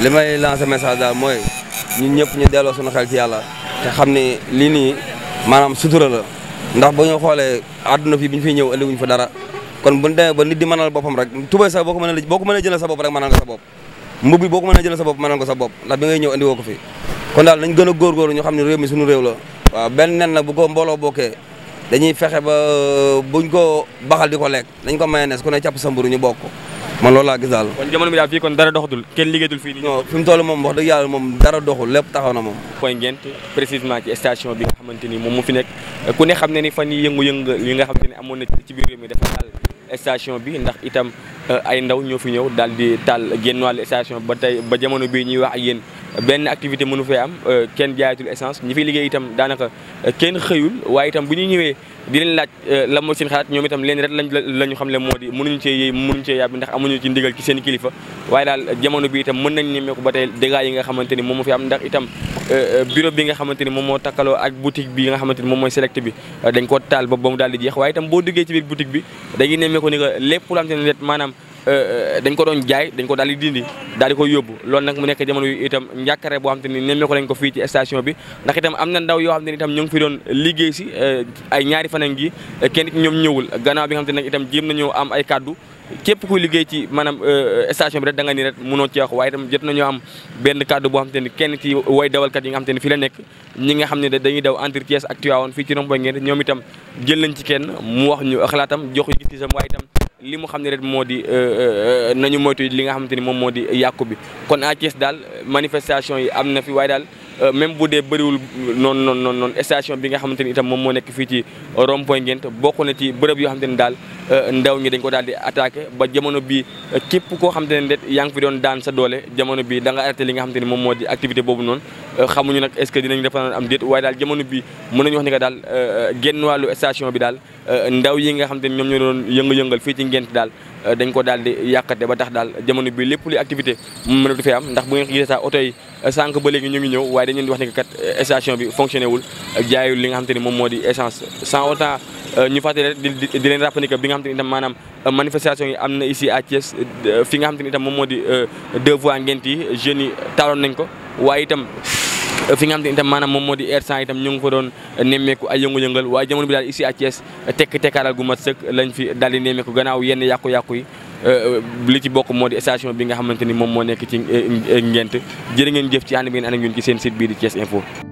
li may lancer message daal mooy ñun ñëpp ñu delloo suñu xel ci yàlla te xam ne lii nii maanaam sutura la ndax bu ñu xoolee àdduna fi bi ñu fiy ñëw ëllëguñ fa dara kon bu ñu demee ba nit di mënal boppam rek tubay sax boo ko mënee boo ko mënee jëlal bopp rek mënal nga sa bopp mbub bi boo ko mënee nga sa bopp ndax bi ngay ñëw ko fi kon daal nañ gën a góorgóorlu ñu xam ne réew mi suñu réew la waaw benn nen nag bu ko mbooloo bokkee dañuy fexe ba buñ ko baxal di ko lekk dañ ko mayenees ku ne càpp sa mburu ñu bokk man loolu laa gis daal. kon jamono bi daal fii kon dara doxatul kenn liggéeyatul fii nii. non fi mu toll moom wax dëgg yàlla moom dara doxul lépp taxaw na moom. point Ngent précisément ci station bi nga xamante ni moom mu fi nekk ku ne xam ne ni fa ni yëngu-yëngu yi nga xamante ne amoon na ci biir réew mi dafa taal station bi ndax itam euh, ay ndaw ñoo fi ñëw daal di taal génn wàll station ba tey ba jamono bii ñuy wax ak yéen benn activité mënu fee am euh, kenn jaayatul essence ñi fi liggéey itam daanaka euh, kenn xëyul waaye itam bu ñuy ñëwee di leen laaj euh, la mooy seen ñoom itam leen rek lañ la ñu xam le moo di mënuñu cee mënuñu cee yàbbi ndax amuñu ci ndigal ci seen kilifa waaye daal jamono bi itam mën nañ nemmeeku ba tey dégâts yi nga xamante ni moom moo fi am ndax itam euh, euh, bureau bi moom moo takkaloo ak boutique bi nga xamante moom mooy select bi dañ ko taal ba ba mu daal di jeex waaye itam boo duggee ci biir boutique bi dañuy nemmeeku ni que lépp lu am seen ret maanaam Euh, dañ ko doon jaay dañ ko daal di dindi daal ko yóbbu loolu nag mu nekk jamono yi itam njàkkare boo xam te ni nemmee ko lañ ko fii ci station bi ndax itam am na ndaw yoo xam te ni itam ñu ngi fi doon liggéey si euh, ñaari fan ngi kenn ñoom ñëwul gannaaw bi nga ne nag itam jéem nañoo am ay kàddu képp kuy liggéey ci maanaam euh, station bi rek da nga ni rek mënoo ci wax waaye itam jot nañoo am benn kàddu boo xam te ni kenn ci way dawalkat yi nga xam te ni fi la nekk ñi nga xam ne dañuy daw entre Thiès ak Tivaouane fii ci Romboy ngeen ñoom itam jël nañ ci kenn mu wax ñu xalaatam jox gisam waaye itam li mu xam ne rek moo di euh, euh, euh, nañu moytu li nga xamante ni moom moo di yàqu bi kon à Thiès daal manifestation yi am na fi waaye daal Euh, même bu dee bëriwul noonu noon noonu noonu station bi nga xamante ni itam moom moo nekk fii ci rond point Ngent bokk na ci bërëb yoo xamante ni daal euh, ndaw ñi dañ ko daal di attaqué ba jamono bi euh, képp koo xamante ne det yaa ngi doon daan sa doole jamono bi da nga arrêté li nga xamante ni moom moo di activité boobu noonu xamuñu nag est-ce que dinañ defanaan am déet waaye daal jamono mën nañu wax ni que daal génn wàllu station bi daal ndaw yi nga xamante ni ñoom ñoo doon yënga-yëngal fii ci Ngent daal dañ ko daal di yàqate ba tax daal jamono bi lépp li activité mënatu fi am ndax bu ngeen gisee sax oto yi sànq ba léegi ñu ngi ñëw waaye dañ leen di wax ne que kat euh, station bi fonctionné wul jaayul li nga xam te ni moom moo di essence sans autant euh, ñu fàttali di di leen rappelé bi nga xam te ni itam maanaam euh, manifestation yi am na ici à fi nga xam ni itam moom moo di deux voies ngent yi jeunes yi taaloon nañ ko waaye itam fi nga xam te maanaam moom moo di r itam ñu ngi fa doon nemmeeku a yëngu-yëngal waaye jamono bi daal ici à Thiès tekk tekkaaral gu mat sëkk lañ fi daal di nemmeeku gannaaw yenn yàqu-yàqu yi Euh, li ci bokk moo di station bi nga xamante ni moom moo nekk ci euh, ngent jërë ngeen jëf ci ànd bi ngeen ànd ak ci seen site bii di Thiès Info